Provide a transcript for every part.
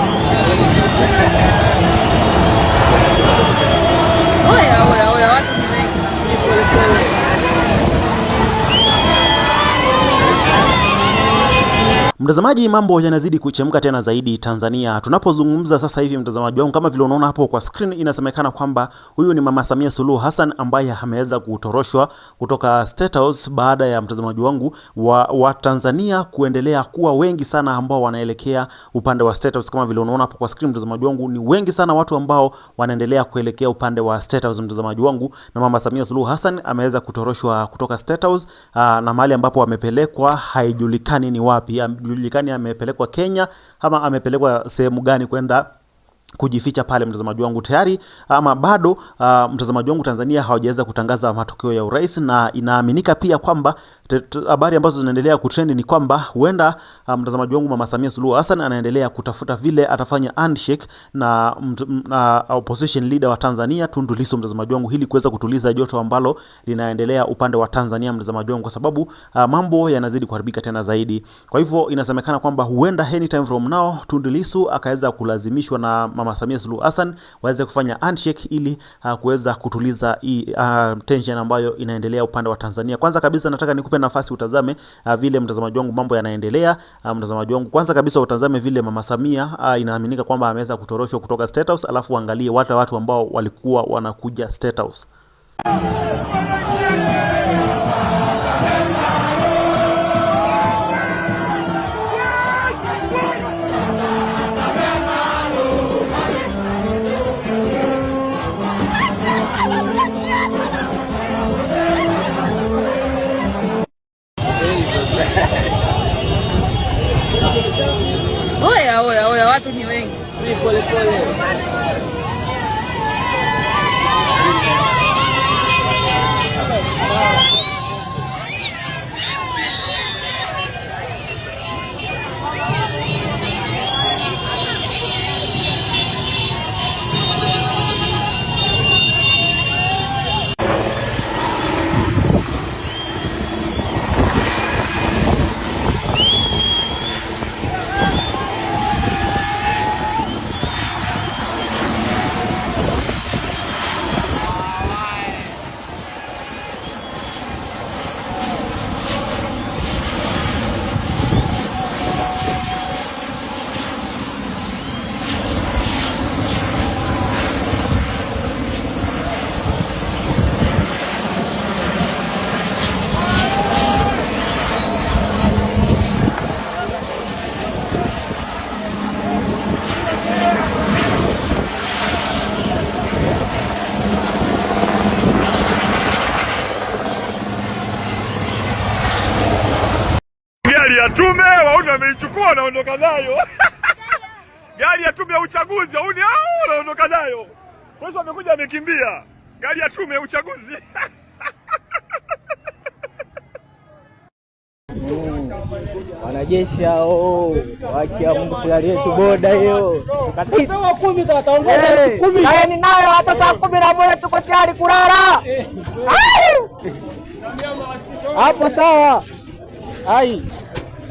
Oh. Mtazamaji, mambo yanazidi kuchemka tena zaidi Tanzania. Tunapozungumza sasa hivi, mtazamaji wangu, kama vile unaona hapo kwa screen, inasemekana kwamba huyu ni Mama Samia Suluhu Hassan ambaye ameweza kutoroshwa kutoka State House baada ya mtazamaji wangu wa, wa Tanzania kuendelea kuwa wengi sana ambao wanaelekea upande wa State House. Kama vile unaona hapo kwa screen, mtazamaji wangu, ni wengi sana watu ambao wanaendelea kuelekea upande wa State House, mtazamaji wangu, na Mama Samia Suluhu Hassan ameweza kutoroshwa kutoka State House, na mahali ambapo amepelekwa haijulikani ni wapi hajulikani amepelekwa Kenya ama amepelekwa sehemu gani kwenda kujificha pale, mtazamaji wangu tayari ama bado? Uh, mtazamaji wangu, Tanzania hawajaweza kutangaza matokeo ya urais na inaaminika pia kwamba habari ambazo zinaendelea kutrend ni kwamba huenda ah, mtazamaji um, wangu Mama Samia Suluhu Hassan anaendelea kutafuta vile atafanya handshake na, na opposition leader wa Tanzania Tundu Lissu, mtazamaji wangu, ili kuweza kutuliza joto ambalo linaendelea upande wa Tanzania, mtazamaji wangu, kwa sababu uh, mambo yanazidi kuharibika tena zaidi. Kwa hivyo inasemekana kwamba huenda anytime from now Tundu Lissu akaweza kulazimishwa na Mama Samia Suluhu Hassan waweze kufanya handshake ili uh, kuweza kutuliza hii uh, tension ambayo inaendelea upande wa Tanzania. Kwanza kabisa nataka nikupe nikupe nafasi utazame uh, vile mtazamaji wangu mambo yanaendelea. Uh, mtazamaji wangu, kwanza kabisa utazame vile Mama Samia uh, inaaminika kwamba ameweza kutoroshwa kutoka State House, alafu angalie wata watu ambao walikuwa wanakuja State House Híjole, puede. Este- huo unaondoka nayo gari ya tume ya uchaguzi ni au ah, unaondoka nayo. Kwa hiyo amekuja amekimbia gari ya tume ya uchaguzi wanajeshi hao haki ya Mungu, serikali yetu boda hiyo kumi kumi ni nayo. Hata saa kumi na moja tuko tayari kurara hapo, sawa ai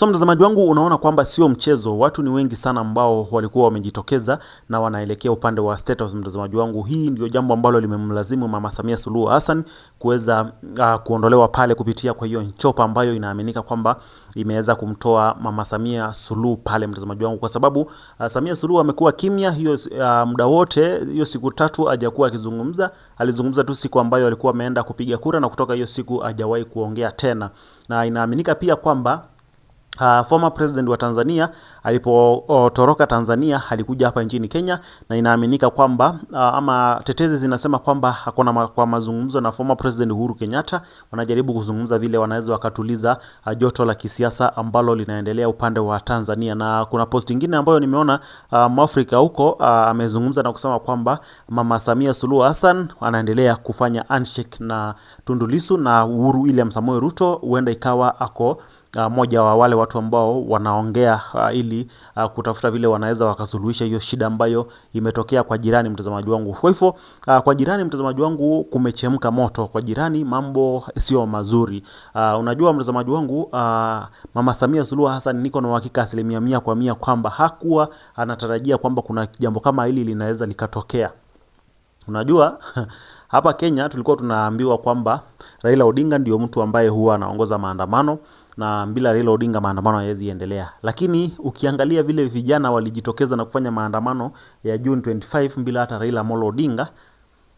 So mtazamaji wangu, unaona kwamba sio mchezo, watu ni wengi sana ambao walikuwa wamejitokeza na wanaelekea upande wa State House. Mtazamaji wangu, hii ndio jambo ambalo limemlazimu Mama Samia Suluhu Hassan kuweza uh, kuondolewa pale kupitia kwa hiyo nchopa ambayo inaaminika kwamba imeweza kumtoa Mama Samia Suluhu pale, mtazamaji wangu, kwa sababu uh, Samia Suluhu amekuwa kimya hiyo uh, muda wote, hiyo siku tatu hajakuwa akizungumza. Alizungumza tu siku ambayo alikuwa ameenda kupiga kura na kutoka hiyo siku hajawahi kuongea tena, na inaaminika pia kwamba Uh, former president wa Tanzania alipotoroka Tanzania alikuja hapa nchini Kenya na inaaminika kwamba uh, ama tetezi zinasema kwamba hakuna ma, kwa mazungumzo na former president Uhuru Kenyatta, wanajaribu kuzungumza vile wanaweza wakatuliza uh, joto la kisiasa ambalo linaendelea upande wa Tanzania. Na kuna post nyingine ambayo nimeona uh, Mwafrika huko uh, amezungumza na kusema kwamba Mama Samia Suluhu Hassan anaendelea kufanya handshake na Tundu Lissu na Uhuru William Samoei Ruto, huenda ikawa ako uh, moja wa wale watu ambao wanaongea uh, ili uh, kutafuta vile wanaweza wakasuluhisha hiyo shida ambayo imetokea kwa jirani, mtazamaji wangu. Kwa hivyo uh, kwa jirani, mtazamaji wangu, kumechemka moto kwa jirani, mambo sio mazuri. Uh, unajua mtazamaji wangu, uh, Mama Samia Suluhu Hassan, niko na uhakika asilimia mia kwa mia kwamba hakuwa anatarajia kwamba kuna jambo kama hili linaweza likatokea. Unajua hapa Kenya tulikuwa tunaambiwa kwamba Raila Odinga ndio mtu ambaye huwa anaongoza maandamano na bila Raila Odinga maandamano hayawezi endelea. Lakini ukiangalia vile vijana walijitokeza na kufanya maandamano ya June 25 bila hata Raila Amolo Odinga,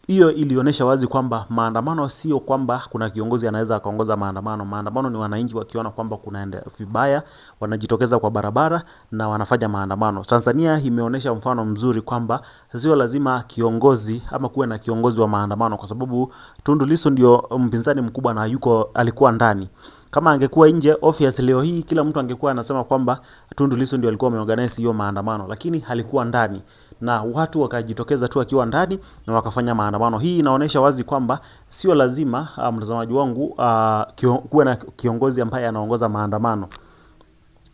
hiyo ilionyesha wazi kwamba maandamano sio kwamba kuna kiongozi anaweza akaongoza maandamano. Maandamano ni wananchi wakiona kwamba kuna vibaya, wanajitokeza kwa barabara na wanafanya maandamano. Tanzania imeonyesha mfano mzuri kwamba sio lazima kiongozi ama kuwe na kiongozi wa maandamano, kwa sababu Tundu Lissu ndio mpinzani mkubwa na yuko alikuwa ndani kama angekuwa nje, obviously leo hii kila mtu angekuwa anasema kwamba Tundu Lissu ndio alikuwa ameorganize hiyo maandamano, lakini halikuwa ndani na watu wakajitokeza tu akiwa ndani na wakafanya maandamano. Hii inaonyesha wazi kwamba sio lazima uh, mtazamaji wangu uh, kio, kuwe na kiongozi ambaye anaongoza maandamano.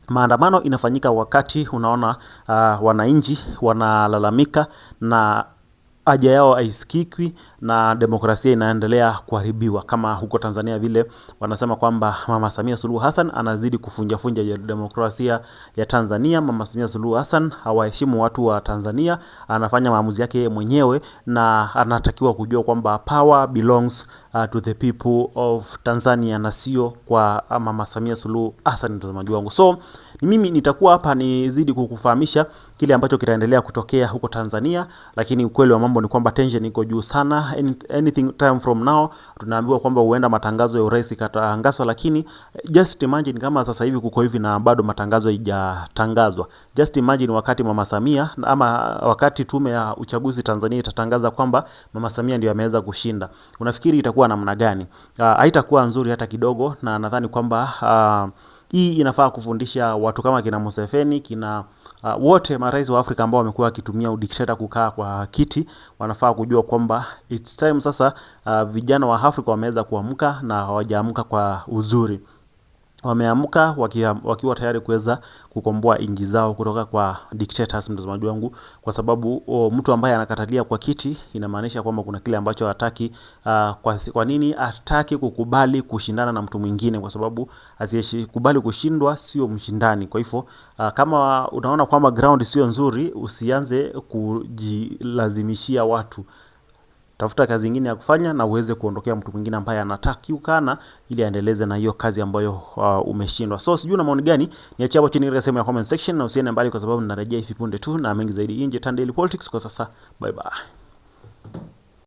Maandamano inafanyika wakati unaona uh, wananchi wanalalamika na haja yao haisikiki na demokrasia inaendelea kuharibiwa, kama huko Tanzania vile wanasema kwamba Mama Samia Suluhu Hassan anazidi kufunjafunja ya demokrasia ya Tanzania. Mama Samia Suluhu Hassan hawaheshimu watu wa Tanzania, anafanya maamuzi yake mwenyewe na anatakiwa kujua kwamba power belongs uh, to the people of Tanzania na sio kwa uh, Mama Samia Suluhu Hassan, mtazamaji wangu so mimi nitakuwa hapa nizidi kukufahamisha kile ambacho kitaendelea kutokea huko Tanzania, lakini ukweli wa mambo ni kwamba tension iko juu sana. Anything time from now tunaambiwa kwamba huenda matangazo ya urais katangazwa, lakini eh, just imagine kama sasa hivi kuko hivi na bado matangazo haijatangazwa. Just imagine wakati mama Samia ama wakati tume ya uchaguzi Tanzania itatangaza kwamba mama Samia ndio ameweza kushinda, unafikiri itakuwa namna gani? Ah, haitakuwa uh, nzuri hata kidogo, na nadhani kwamba uh, hii inafaa kufundisha watu kama kina Museveni, kina uh, wote marais wa Afrika ambao wamekuwa wakitumia udikteta kukaa kwa kiti, wanafaa kujua kwamba it's time sasa, uh, vijana wa Afrika wameweza kuamka na hawajaamka kwa uzuri wameamka wakiwa, tayari kuweza kukomboa inji zao kutoka kwa dictators, mtazamaji wangu, kwa sababu o, mtu ambaye anakatalia kwa kiti inamaanisha kwamba kuna kile ambacho hataki. Uh, kwa, kwa nini hataki kukubali kushindana na mtu mwingine? Kwa sababu asiyekubali kushindwa sio mshindani. Kwa hivyo uh, kama unaona kwamba ground sio nzuri, usianze kujilazimishia watu tafuta kazi nyingine ya kufanya na uweze kuondokea mtu mwingine ambaye anatakiukana ili aendeleze na hiyo kazi ambayo uh, umeshindwa. So sijui na maoni gani, niache hapo chini katika sehemu ya comment section, na usiende mbali kwa sababu ninarejea hivi punde tu na mengi zaidi. Hii nje Tan Politics kwa sasa, bye bye.